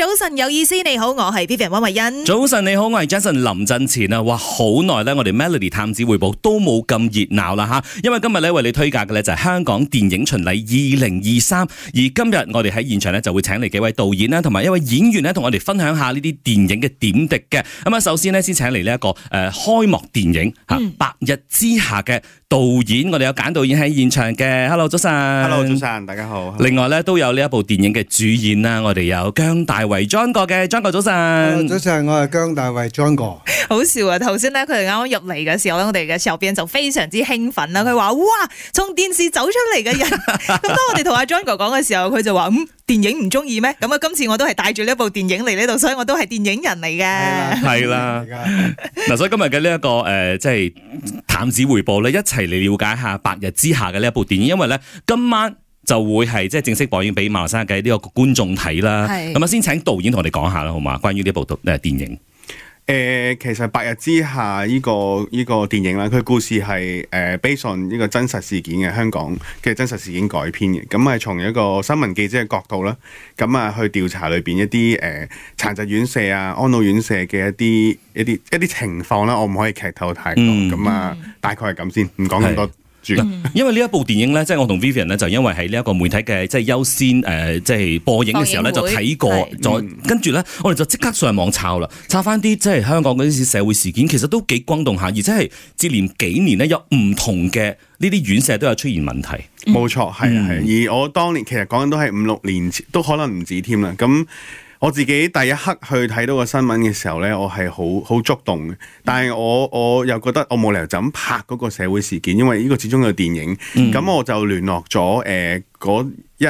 早晨有意思，你好，我係 Bivian 溫慧欣。早晨你好，我係 Jason 林振前啊！哇，好耐咧，我哋 Melody 探子匯報都冇咁熱鬧啦吓，因為今日咧為你推介嘅咧就係香港電影巡禮二零二三，而今日我哋喺現場咧就會請嚟幾位導演啦，同埋一位演員咧，同我哋分享下呢啲電影嘅點滴嘅。咁啊，首先呢，先請嚟呢一個誒、呃、開幕電影吓，啊嗯、白日之下嘅。導演，我哋有簡導演喺現場嘅，Hello 早晨。Hello 早晨，大家好。另外咧都有呢一部電影嘅主演啦，我哋有姜大維 John 哥嘅，John 哥早晨。Hello, 早晨，我係姜大維 John 哥。好笑啊！頭先咧，佢哋啱啱入嚟嘅時候咧，我哋嘅小編就非常之興奮啦。佢話哇，從電視走出嚟嘅人。咁 當我哋同阿 John 哥講嘅時候，佢就話嗯。電影唔中意咩？咁啊，今次我都係帶住呢一部電影嚟呢度，所以我都係電影人嚟嘅。係啦，嗱， 所以今日嘅呢一個誒、即、呃、係、就是、淡子回報咧，一齊嚟了解下《白日之下》嘅呢一部電影。因為咧，今晚就會係即係正式播映俾馬鞍山嘅呢個觀眾睇啦。咁啊的，先請導演同我哋講下啦，好嘛？關於呢部導誒電影。誒、呃，其實白日之下呢、這個呢、這個電影啦，佢故事係誒 based on 呢個真實事件嘅，香港嘅真實事件改編嘅，咁啊從一個新聞記者嘅角度啦，咁啊去調查裏邊一啲誒殘疾院舍啊安老院舍嘅一啲一啲一啲情況啦、啊，我唔可以劇透太多，咁、嗯、啊、嗯、大概係咁先，唔講咁多。因為呢一部電影咧，即、就、係、是、我同 Vivian 咧，就因為喺呢一個媒體嘅即係優先誒，即係播映嘅時候咧，就睇過，再跟住咧，我哋就即刻上網抄啦，抄翻啲即係香港嗰啲社會事件，其實都幾轟動下，而且係接連幾年咧有唔同嘅呢啲院舍都有出現問題，冇錯、嗯，係啊，而我當年其實講緊都係五六年前，都可能唔止添啦，咁。我自己第一刻去睇到個新聞嘅時候呢，我係好好觸動嘅。但係我我又覺得我冇理由就咁拍嗰個社會事件，因為呢個始終有電影。咁、嗯、我就聯絡咗誒嗰一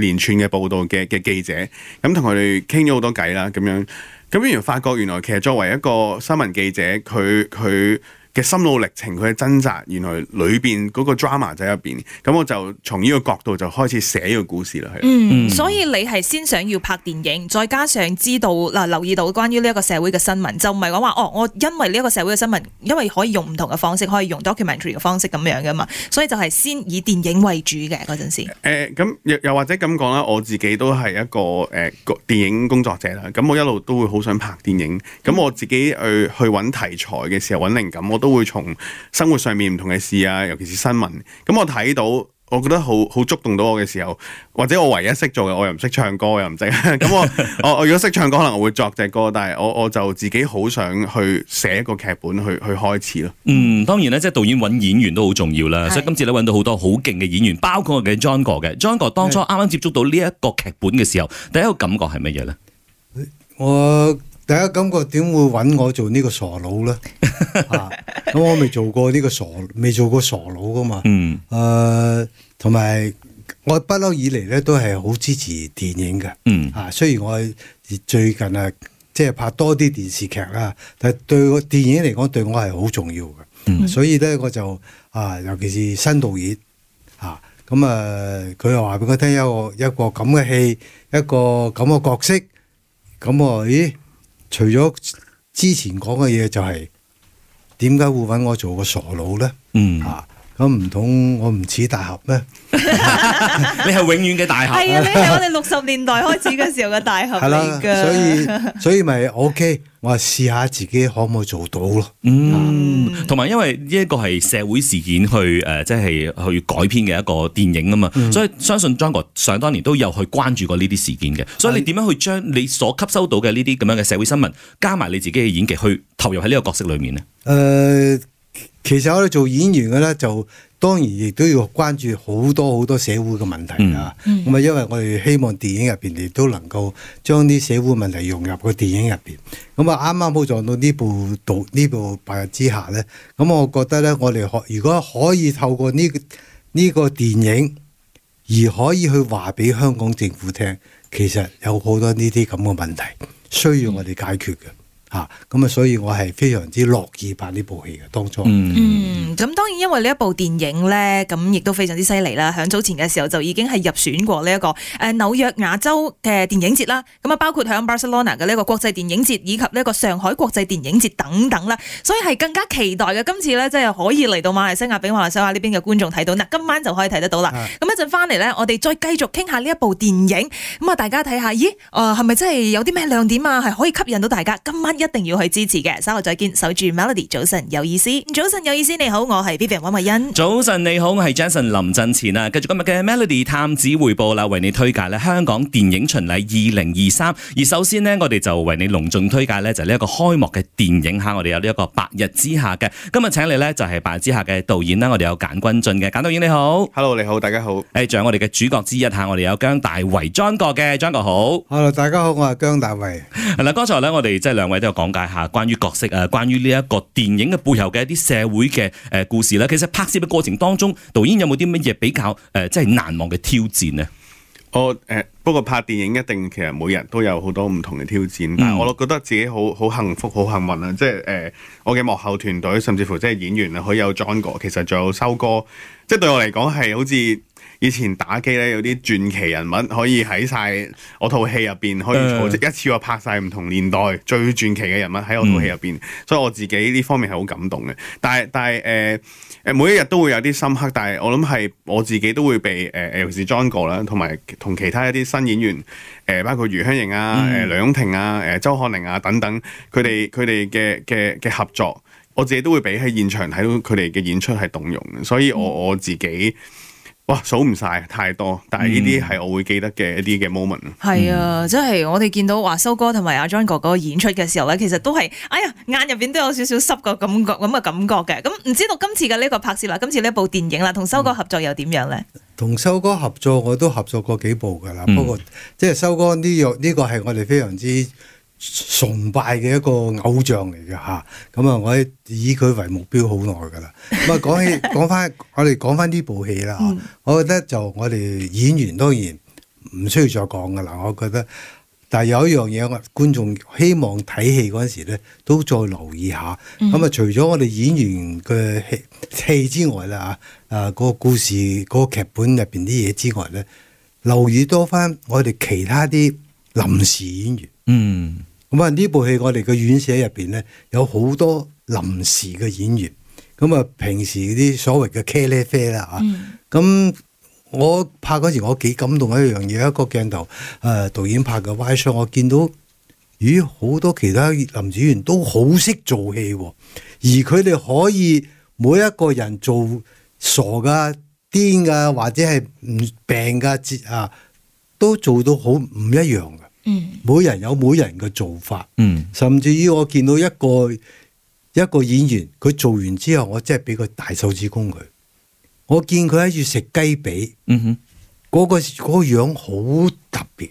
連串嘅報道嘅嘅記者，咁同佢哋傾咗好多偈啦。咁樣咁，原來發覺原來其實作為一個新聞記者，佢佢嘅心路歷程，佢嘅掙扎，原來裏邊嗰個 drama 就喺入邊，咁我就從呢個角度就開始寫呢個故事啦。係。嗯，所以你係先想要拍電影，再加上知道嗱、呃、留意到關於呢一個社會嘅新聞，就唔係講話哦，我因為呢一個社會嘅新聞，因為可以用唔同嘅方式，可以用 documentary 嘅方式咁樣嘅嘛。所以就係先以電影為主嘅嗰陣時。誒、呃、咁、呃、又、呃、又或者咁講啦，我自己都係一個誒、呃、電影工作者啦。咁我一路都會好想拍電影。咁我自己去去揾題材嘅時候揾靈感，都會從生活上面唔同嘅事啊，尤其是新聞。咁我睇到，我覺得好好觸動到我嘅時候，或者我唯一識做嘅，我又唔識唱歌，我又唔識。咁 我我,我如果識唱歌，可能我會作隻歌，但係我我就自己好想去寫一個劇本去去開始咯。嗯，當然咧，即係導演搵演員都好重要啦。是所以今次你搵到好多好勁嘅演員，包括我嘅 John 哥嘅。John 哥當初啱啱是接觸到呢一個劇本嘅時候，第一個感覺係乜嘢呢？我。大家感覺點會揾我做呢個傻佬咧？咁、 啊、我未做過呢個傻，未做過傻佬噶嘛？誒、嗯，同埋、呃、我不嬲以嚟咧都係好支持電影嘅。啊，雖然我最近啊即係拍多啲電視劇啦，但係對電影嚟講，對我係好重要嘅。嗯、所以咧我就啊，尤其是新導演啊，咁、嗯、啊，佢又話俾我聽一個一個咁嘅戲，一個咁嘅角色，咁我咦？除咗之前講嘅嘢，就係點解會揾我做個傻佬咧？嗯啊。咁唔通，我唔似大俠咩？ 你係永遠嘅大俠。係 啊，你係我哋六十年代開始嘅時候嘅大俠嚟噶。所以所以咪 OK，我試下自己可唔可以做到咯？嗯，同埋、嗯、因為呢一個係社會事件去誒，即係去改編嘅一個電影啊嘛。嗯、所以相信張哥上當年都有去關注過呢啲事件嘅。所以你點樣去將你所吸收到嘅呢啲咁樣嘅社會新聞，加埋你自己嘅演技去投入喺呢個角色裏面呢？誒、呃。其實我哋做演員嘅咧，就當然亦都要關注好多好多社會嘅問題啊。咁啊、嗯，因為我哋希望電影入邊亦都能夠將啲社會問題融入個電影入邊。咁啊，啱啱好撞到呢部導呢部白日之下咧。咁我覺得咧，我哋可如果可以透過呢呢、呢個電影而可以去話俾香港政府聽，其實有好多呢啲咁嘅問題需要我哋解決嘅。咁啊，所以我係非常之樂意拍呢部戲嘅當中。嗯，咁、嗯、當然因為呢一部電影咧，咁亦都非常之犀利啦。響早前嘅時候就已經係入選過呢一個誒紐約亞洲嘅電影節啦。咁啊，包括響 Barcelona 嘅呢一個國際電影節，以及呢一個上海國際電影節等等啦。所以係更加期待嘅今次咧，即係可以嚟到馬來西亞，俾馬來西亞呢邊嘅觀眾睇到。嗱，今晚就可以睇得到啦。咁一陣翻嚟咧，我哋再繼續傾下呢一部電影。咁啊，大家睇下，咦，誒係咪真係有啲咩亮點啊？係可以吸引到大家今晚一一定要去支持嘅，稍後再見，守住 Melody，早晨有意思，早晨有意思，你好，我係 Vivian 温慧欣，早晨你好，我係 Jason 林振前啊，繼續今日嘅 Melody 探子回報啦，為你推介咧香港電影巡禮二零二三，而首先呢，我哋就為你隆重推介呢就呢、是、一個開幕嘅電影哈，我哋有呢一個白日之下嘅，今日請你呢就係白日之下嘅導演啦，我哋有簡君進嘅，簡導演你好，Hello，你好，大家好，誒仲有我哋嘅主角之一吓，我哋有姜大為張國嘅，張國好，Hello，大家好，我係姜大為，係啦、嗯，剛才呢，我哋即係兩位都。講解下關於角色啊，關於呢一個電影嘅背後嘅一啲社會嘅誒故事啦。其實拍攝嘅過程當中，導演有冇啲乜嘢比較誒即係難忘嘅挑戰呢？我誒不過拍電影一定其實每日都有好多唔同嘅挑戰，但係我覺得自己好好幸福、好幸運啊！即係誒、呃、我嘅幕後團隊，甚至乎即係演員啊，佢有裝過，其實仲有收歌，即係對我嚟講係好似。以前打機咧有啲傳奇人物可以喺晒我套戲入邊，嗯、可以一次過拍晒唔同年代最傳奇嘅人物喺我套戲入邊，嗯、所以我自己呢方面係好感動嘅。但係但係誒誒每一日都會有啲深刻，但係我諗係我自己都會被誒、呃、尤其是 John 哥啦，同埋同其他一啲新演員誒、呃，包括余香凝啊、誒梁永庭啊、誒、呃、周漢玲啊等等，佢哋佢哋嘅嘅嘅合作，我自己都會比喺現場睇到佢哋嘅演出係動容嘅，所以我、嗯、所以我自己。哇，數唔晒，太多，但係呢啲係我會記得嘅一啲嘅 moment。係啊，即係我哋見到華收哥同埋阿 John 哥哥演出嘅時候呢，其實都係，哎呀，眼入邊都有少少濕個感覺咁嘅感覺嘅。咁唔知道今次嘅呢個拍攝啦，今次呢部電影啦，同收哥合作又點樣呢？同、嗯、收哥合作，我都合作過幾部噶啦，嗯、不過即係收哥呢樣呢個係、這個、我哋非常之。崇拜嘅一個偶像嚟嘅吓，咁啊，我以佢為目標好耐噶啦。咁啊， 講起講翻，我哋講翻呢部戲啦。嗯、我覺得就我哋演員當然唔需要再講噶啦。我覺得，但係有一樣嘢，我觀眾希望睇戲嗰時咧，都再留意下。咁啊、嗯，除咗我哋演員嘅戲戲之外啦，啊，嗰個故事、嗰個劇本入邊啲嘢之外咧，留意多翻我哋其他啲臨時演員。嗯。咁啊！呢部戲我哋嘅院舍入邊咧，有好多臨時嘅演員。咁啊，平時啲所謂嘅茄喱啡啦吓咁我拍時，我幾感動一樣嘢，一個鏡頭，誒、呃，導演拍嘅 Y shot 我見到咦，好多其他臨時演員都好識做戲，而佢哋可以每一個人做傻噶、癲噶，或者係唔病噶，節啊，都做到好唔一樣。嗯、每人有每人嘅做法，嗯，甚至於我見到一個一個演員，佢做完之後，我真係俾個大手指公佢，我見佢喺住食雞髀，嗯哼，嗰個、嗰個樣好特別，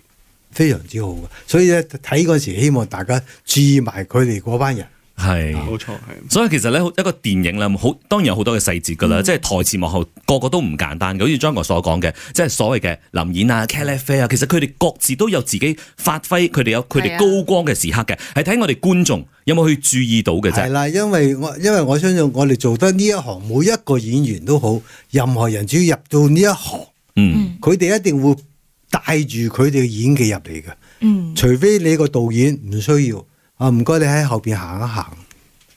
非常之好嘅，所以咧睇嗰時希望大家注意埋佢哋嗰班人。係，冇錯是，係錯。所以其實咧，一個電影咧，好當然有好多嘅細節噶啦，嗯、即係台前幕後個個都唔簡單嘅，好似張國所講嘅，即係所謂嘅臨演啊、茄喱啡啊，其實佢哋各自都有自己發揮，佢哋有佢哋高光嘅時刻嘅，係睇是、啊、我哋觀眾有冇去注意到嘅啫？係啦，因為我因為我相信我哋做得呢一行，每一個演員都好，任何人只要入到呢一行，嗯，佢哋一定會帶住佢哋嘅演技入嚟嘅。嗯，除非你個導演唔需要。啊！唔該，你喺後邊行一行，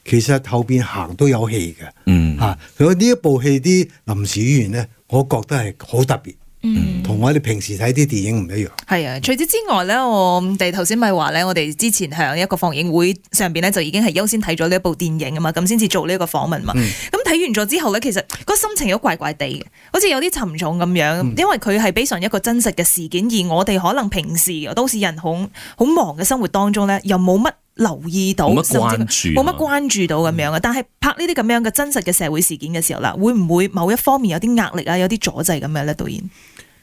其實後邊行都有戲嘅。嗯，嚇、啊！如果呢一部戲啲臨時演員咧，我覺得係好特別，嗯，同我哋平時睇啲電影唔一樣。係啊，除此之外咧，我哋頭先咪話咧，我哋之前喺一個放映會上邊咧，就已經係優先睇咗呢一部電影啊嘛，咁先至做呢一個訪問嘛，咁、嗯。嗯睇完咗之後咧，其實個心情有怪怪地嘅，好似有啲沉重咁樣。因為佢係非常一個真實嘅事件，而我哋可能平時都市人好好忙嘅生活當中咧，又冇乜留意到，甚至冇乜關注到咁樣啊。嗯、但係拍呢啲咁樣嘅真實嘅社會事件嘅時候啦，會唔會某一方面有啲壓力啊，有啲阻滯咁樣咧？導演，誒、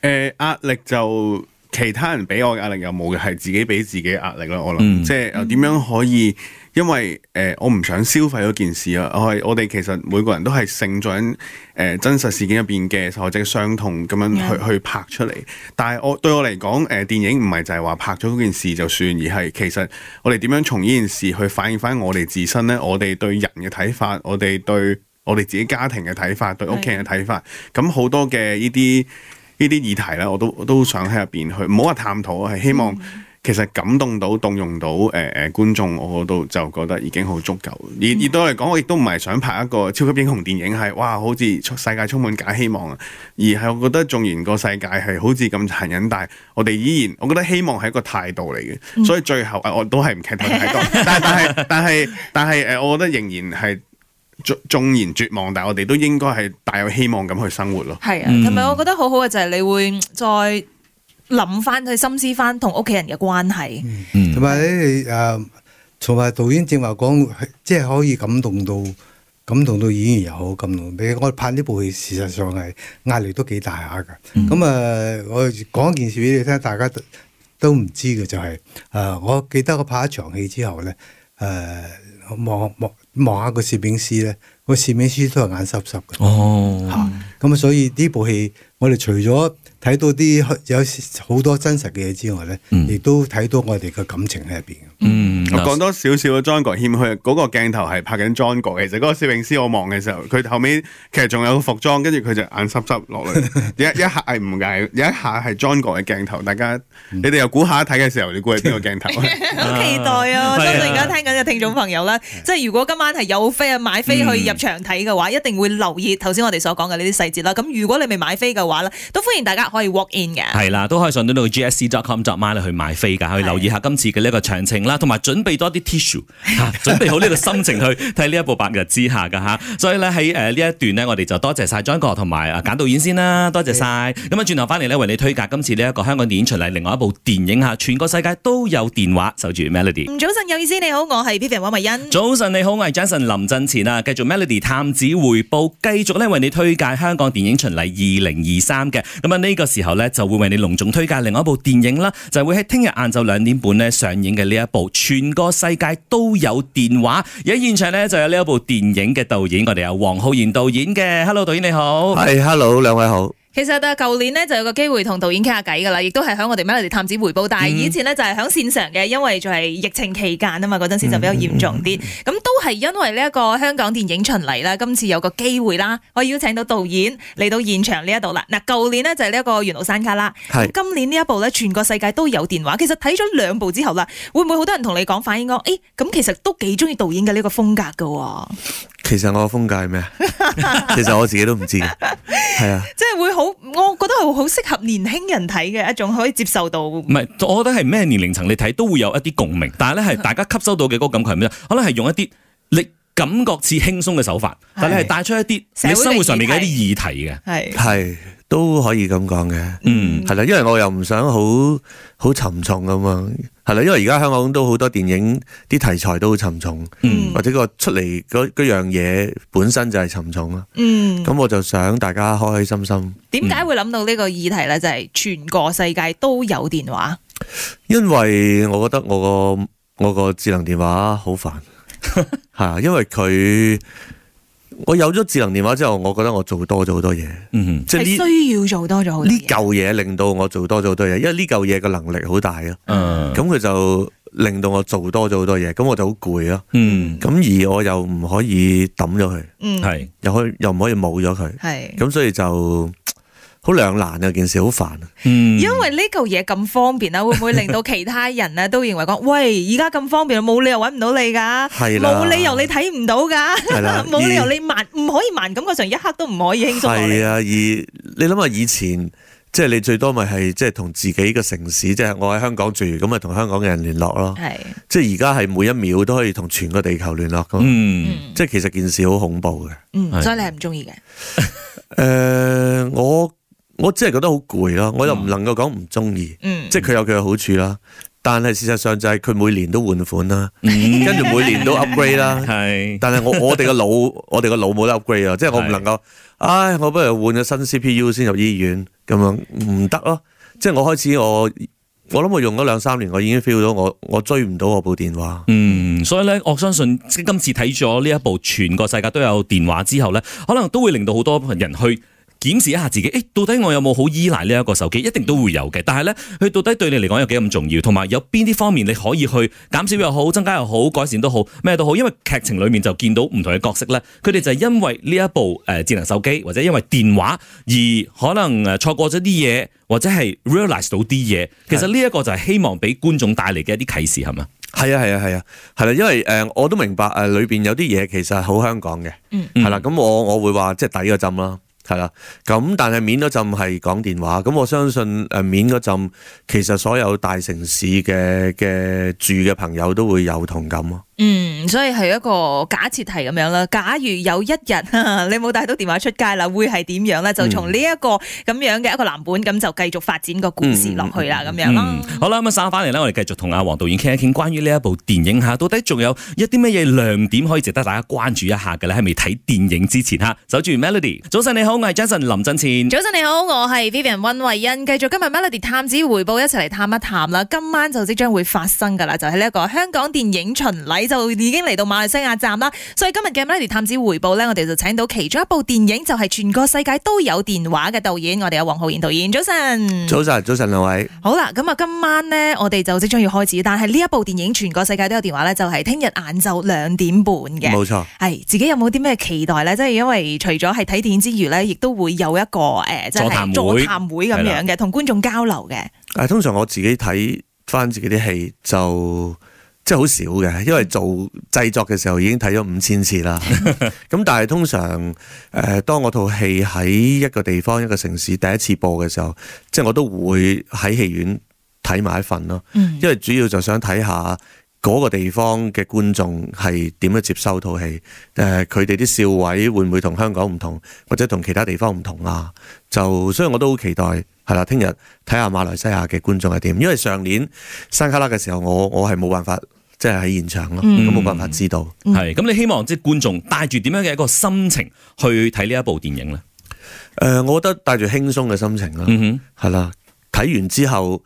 呃，壓力就其他人俾我嘅壓力又冇嘅，係自己俾自己壓力啦。我諗，嗯、即係誒，點樣可以？嗯因為誒、呃，我唔想消費嗰件事啊！我係我哋其實每個人都係成長誒、呃、真實事件入邊嘅受害者傷痛咁樣去 Yeah. 去，去拍出嚟。但係我對我嚟講，誒、呃、電影唔係就係話拍咗嗰件事就算，而係其實我哋點樣從呢件事去反映翻我哋自身咧？我哋對人嘅睇法，我哋對我哋自己家庭嘅睇法，Yeah. 對屋企人嘅睇法，咁好 Yeah. 多嘅呢啲呢啲議題啦，我都我都，我都想喺入邊去唔好話探討啊，係希望。Mm. 其實感動到動用到誒誒、呃呃、觀眾，我都就覺得已經好足夠。而而對我嚟講，我亦都唔係想拍一個超級英雄電影，係哇，好似世界充滿假希望啊！而係我覺得縱然個世界係好似咁殘忍，但係我哋依然，我覺得希望係一個態度嚟嘅。所以最後、呃、我都係唔劇透太多。但但係但係但係誒，我覺得仍然係縱縱然絕望，但係我哋都應該係帶有希望咁去生活咯。係啊，係咪？我覺得好好嘅就係你會再。諗翻去，深思翻同屋企人嘅關係，同埋咧，誒，同、呃、埋導演正話講，即係可以感動到，感動到演員又好，感動。俾我哋拍呢部戲，事實上係壓力都幾大下噶。咁啊、嗯嗯，我講一件事俾你聽，大家都唔知嘅就係、是，誒、呃，我記得我拍一場戲之後咧，誒、呃，望望望下個攝影師咧，個攝影師都係眼濕濕嘅。哦、吓、啊、咁、嗯、啊、嗯，所以呢部戲我哋除咗。睇到啲有好多真實嘅嘢之外咧，亦、嗯、都睇到我哋嘅感情喺入邊。嗯，我講多少少嘅 John 哥謙虛嗰個鏡頭係拍緊 John 哥，其實嗰個攝影師我望嘅時候，佢後尾其實仲有個服裝，跟住佢就眼濕濕落嚟。一一下係唔係？有一下係 John 哥嘅鏡頭，大家、嗯、你哋又估下睇嘅時候，你估係邊個鏡頭？好 期待啊！相信而家聽緊嘅聽眾朋友啦，即係 如果今晚係有飛啊買飛去入場睇嘅話，一定會留意頭先我哋所講嘅呢啲細節啦。咁 如果你未買飛嘅話咧，都歡迎大家。可以 walk in 嘅，係啦，都可以上到到 GSC.com 做買咧去買飛噶，的去留意下今次嘅呢一個詳情啦，同埋準備多啲 tissue， 啊、準備好呢個心情去睇呢一部白日之下嘅嚇，啊，所以咧喺誒呢一段呢，我哋就多謝晒張國同埋啊簡導演先啦，多謝晒，咁啊轉頭翻嚟咧為你推介今次呢一個香港電影巡禮另外一部電影嚇，全個世界都有電話守住 Melody。早晨有意思你好，我係 Vivian 黃慧欣。早晨你好，我係 Jason 林振前啊，繼續 Melody 探子回報，繼續咧為你推介香港電影巡禮二零二三嘅，咁啊呢個。嘅時候咧，就會為你隆重推介另外一部電影啦，就會喺聽日晏晝兩點半咧上映嘅呢一部《全個世界都有電話》。而喺現場咧就有呢一部電影嘅導演，我哋有黃浩然導演嘅。Hello，導演你好。係，Hello，兩位好。其實啊，舊年咧就有個機會同導演傾下偈噶啦，亦都係響我哋《MELODY 探子》回報。但係以前咧就係響線上嘅，因為就係疫情期間啊嘛，嗰陣時就比較嚴重啲。咁都係因為呢一個香港電影巡禮啦，今次有個機會啦，我邀請到導演嚟到現場呢一度啦。嗱，舊年呢就係呢一個《緣路山旮旯》啦是，今年呢一部咧，全個世界都有電話。其實睇咗兩部之後啦，會唔會好多人同你講，反應講誒，咁其實都幾中意導演嘅呢個風格噶、啊？其實我嘅風格係咩啊？ 其實我自己都唔知嘅，係 是啊，即係會好，我覺得係好適合年輕人睇嘅一種可以接受到。唔係，我覺得係咩年齡層你睇都會有一啲共鳴。但係咧係大家吸收到嘅嗰個感覺係咩？可能係用一啲你感覺似輕鬆嘅手法，但係你係帶出一啲你生活上面嘅一啲議題嘅，係係都可以咁講嘅。嗯，係啦，因為我又唔想好好沉重咁樣。係啦，因為而家香港都好多電影啲題材都好沉重，嗯、或者個出嚟嗰嗰樣嘢本身就係沉重咯。咁、嗯、我就想大家開開心心。點解會諗到呢個議題呢？嗯、就係全個世界都有電話，因為我覺得我個我個智能電話好煩，吓， 因為佢。我有咗智能電話之後，我覺得我做多咗好多嘢，嗯哼、mm，即係、hmm. 需要做多咗好多嘢。呢舊嘢令到我做多咗好多嘢，因為呢舊嘢嘅能力好大啊，嗯、mm，咁、hmm. 佢就令到我做多咗好多嘢，咁我就好攰咯，嗯、mm，咁、hmm. 而我又唔可以抌咗佢，嗯、mm，hmm. 又可以又唔可以冇咗佢，係、mm，咁、hmm. 所以就。好兩難啊！件事好煩啊，嗯、因為呢嚿嘢咁方便啊， 會唔會令到其他人咧都認為講喂，而家咁方便，冇理由搵唔到你噶，冇是吧 理由你睇唔到噶，冇、啊、理由你慢唔可以慢，感覺上一刻都唔可以輕鬆。係啊，而你諗下以前，即、就、係、是、你最多咪係即係同自己嘅城市，即、就、係、是、我喺香港住，咁咪同香港嘅人聯絡咯。的即係而家係每一秒都可以同全個地球聯絡。嗯，即係其實件事好恐怖嘅。嗯，所以你係唔中意嘅。誒 呃，我。我真係覺得好攰咯，我又唔能夠講唔中意，嗯、即係佢有佢嘅好處啦。但係事實上就係佢每年都換款啦，嗯、跟住每年都 upgrade 啦。係 是，但係我我哋個腦，我哋個腦冇得 upgrade 啊！即係我唔能夠，唉，我不如換咗新 CPU 先入醫院咁樣，唔得咯。即係我開始我，我諗我用咗兩三年，我已經 feel 到我我追唔到我部電話。嗯，所以咧，我相信今次睇咗呢一部，全個世界都有電話之後咧，可能都會令到好多人去。檢視一下自己，誒、欸，到底我有冇好依賴呢一個手機？一定都會有嘅，但係呢，佢到底對你嚟講有幾咁重要？同埋有邊啲方面你可以去減少又好，增加又好，改善都好，咩都好。因為劇情裡面就見到唔同嘅角色呢，佢哋就係因為呢一部誒智能手機或者因為電話而可能誒錯過咗啲嘢，或者係 realise 到啲嘢。其實呢一個就係希望俾觀眾帶嚟嘅一啲啟示，係嘛？係啊，係啊，係啊，係啦，因為誒、呃、我都明白誒裏邊有啲嘢其實好香港嘅，嗯，係啦。咁我我會話即係抵個針咯。係啦，咁但係面嗰陣係講電話，咁我相信誒、呃、面嗰陣其實所有大城市嘅嘅住嘅朋友都會有同感。嗯，所以係一個假設題咁樣啦。假如有一日你冇帶到電話出街啦，會係點樣咧？就從呢一個咁樣嘅一個藍本，咁就繼續發展個故事落去啦，咁、嗯嗯嗯、樣咯、嗯。好啦，咁啊，散翻嚟咧，我哋繼續同阿黃導演傾一傾關於呢一部電影吓，到底仲有一啲乜嘢亮點可以值得大家關注一下嘅咧？喺未睇電影之前吓，守住 Melody。早晨你好，我係 Jason 林振前。早晨你好，我係 Vivian 溫慧欣。繼續今日 Melody 探子回報，一齊嚟探一探啦。今晚就即將會發生噶啦，就喺呢一個香港電影巡禮。你就已經嚟到馬來西亞站啦，所以今日嘅 Melody 探子回報呢，我哋就請到其中一部電影，就係全個世界都有電話嘅導演，我哋有黃浩然導演。早晨，早晨，早晨，兩位。好啦，咁啊，今晚呢，我哋就即將要開始，但係呢一部電影，全個世界都有電話呢，就係聽日晏晝兩點半嘅，冇錯、哎。係自己有冇啲咩期待呢？即係因為除咗係睇電影之餘呢，亦都會有一個誒、呃，即係座談會咁樣嘅，同的觀眾交流嘅。但誒，通常我自己睇返自己啲戲就。即係好少嘅，因為做製作嘅時候已經睇咗五千次啦。咁 但係通常誒、呃，當我套戲喺一個地方一個城市第一次播嘅時候，即係我都會喺戲院睇埋一份咯。因為主要就想睇下嗰個地方嘅觀眾係點樣接收套戲，誒佢哋啲笑位會唔會同香港唔同，或者同其他地方唔同啊？就所以我都好期待。係啦，聽日睇下馬來西亞嘅觀眾係點，因為上年山卡拉嘅時候，我我係冇辦法，即係喺現場咯，咁冇辦法知道。係咁，你希望即係觀眾帶住點樣嘅一個心情去睇呢一部電影咧？誒、呃，我覺得帶住輕鬆嘅心情啦，係啦、嗯哼，睇完之後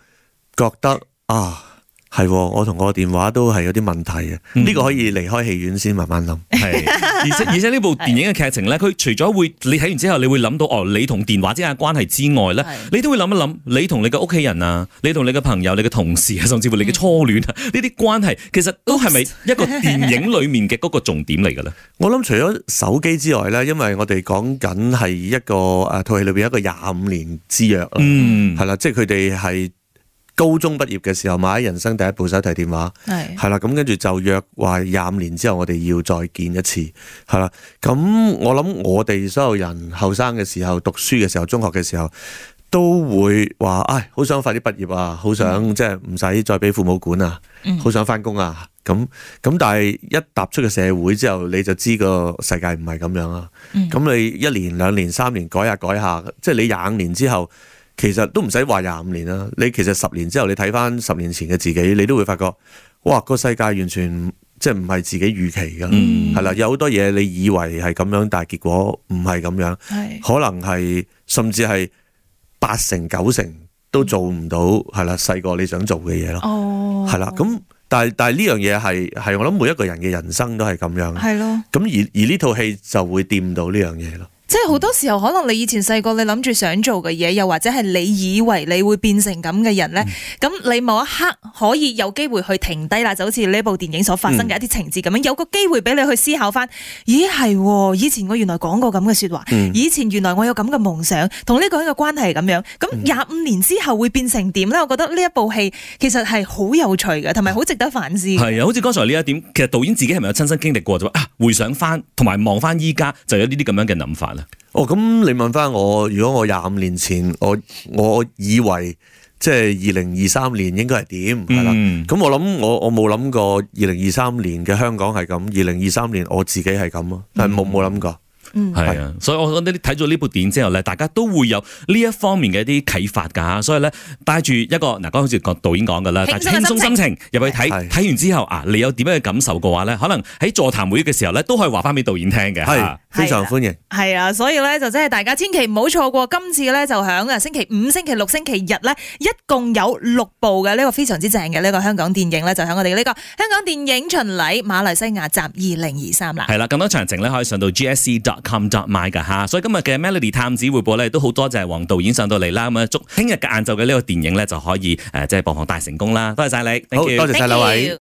覺得啊。係，我同個電話都係有啲問題嘅。呢、嗯、個可以離開戲院先慢慢諗。係 ，而且而且呢部電影嘅劇情咧，佢除咗會你睇完之後，你會諗到哦，你同電話之間嘅關係之外咧，的你都會諗一諗，你同你嘅屋企人啊，你同你嘅朋友、你嘅同事啊，甚至乎你嘅初戀啊，呢啲關係，其實都係咪一個電影裏面嘅嗰個重點嚟嘅咧？ 我諗除咗手機之外咧，因為我哋講緊係一個誒，套、啊、戲裏邊一個廿五年之約嗯，係啦，即係佢哋係。高中畢業嘅時候買人生第一部手提電話，係係啦，咁跟住就約話廿五年之後我哋要再見一次，係啦。咁我諗我哋所有人後生嘅時候讀書嘅時候，中學嘅時候都會話：唉，好想快啲畢業啊，好想、嗯、即係唔使再俾父母管啊，好想翻工啊。咁咁、嗯、但係一踏出個社會之後，你就知個世界唔係咁樣啊。咁、嗯、你一年、兩年、三年改下改下，即係你廿五年之後。其實都唔使話廿五年啦，你其實十年之後，你睇翻十年前嘅自己，你都會發覺，哇、個世界完全即係唔係自己預期嘅，係啦、嗯，有好多嘢你以為係咁樣，但係結果唔係咁樣，是的 可能係甚至係八成九成都做唔到，係啦、嗯，細個你想做嘅嘢咯，係啦、哦，咁但係但係呢樣嘢係係我諗每一個人嘅人生都係咁樣，係咯是的，咁、嗯、而而呢套戲就會掂到呢樣嘢咯。即係好多時候，可能你以前細個，你諗住想做嘅嘢，又或者係你以為你會變成咁嘅人咧？咁、嗯、你某一刻可以有機會去停低啦，就好似呢部電影所發生嘅一啲情節咁樣，有個機會俾你去思考翻，咦係？以前我原來講過咁嘅說話，嗯、以前原來我有咁嘅夢想，同呢個人嘅關係係咁樣。咁廿五年之後會變成點咧？我覺得呢一部戲其實係好有趣嘅，同埋好值得反思嘅，係啊、嗯，好似剛才呢一點，其實導演自己係咪有親身經歷過啫、啊，回想翻，同埋望翻依家，就有呢啲咁樣嘅諗法。哦，咁你問翻我，如果我廿五年前，我我以為即係二零二三年應該係點，係啦、嗯。咁我諗我我冇諗過二零二三年嘅香港係咁，二零二三年我自己係咁咯，但係冇冇諗過。係啊，所以我覺得睇咗呢部電影之後咧，大家都會有呢一方面嘅一啲啟發噶吓，所以咧帶住一個嗱，剛好似個導演講噶啦，帶住輕鬆心情入去睇，睇完之後啊，你有點樣嘅感受嘅話咧，可能喺座談會嘅時候咧，都可以話翻俾導演聽嘅，係非常歡迎。係啊，所以咧就即係大家千祈唔好錯過今次咧，就喺啊星期五、星期六、星期日咧，一共有六部嘅呢個非常之正嘅呢個香港電影咧，就喺我哋呢個香港電影巡禮馬來西亞集二零二三啦。係啦，更多詳情咧可以上到 GSC。擒著買㗎嚇，所以今日嘅 Melody 探子回報呢都好多，就係王導演上到嚟啦。咁啊，祝聽日嘅晏晝嘅呢個電影呢就可以即係播放大成功啦。多謝曬你，thank you，多謝曬兩位。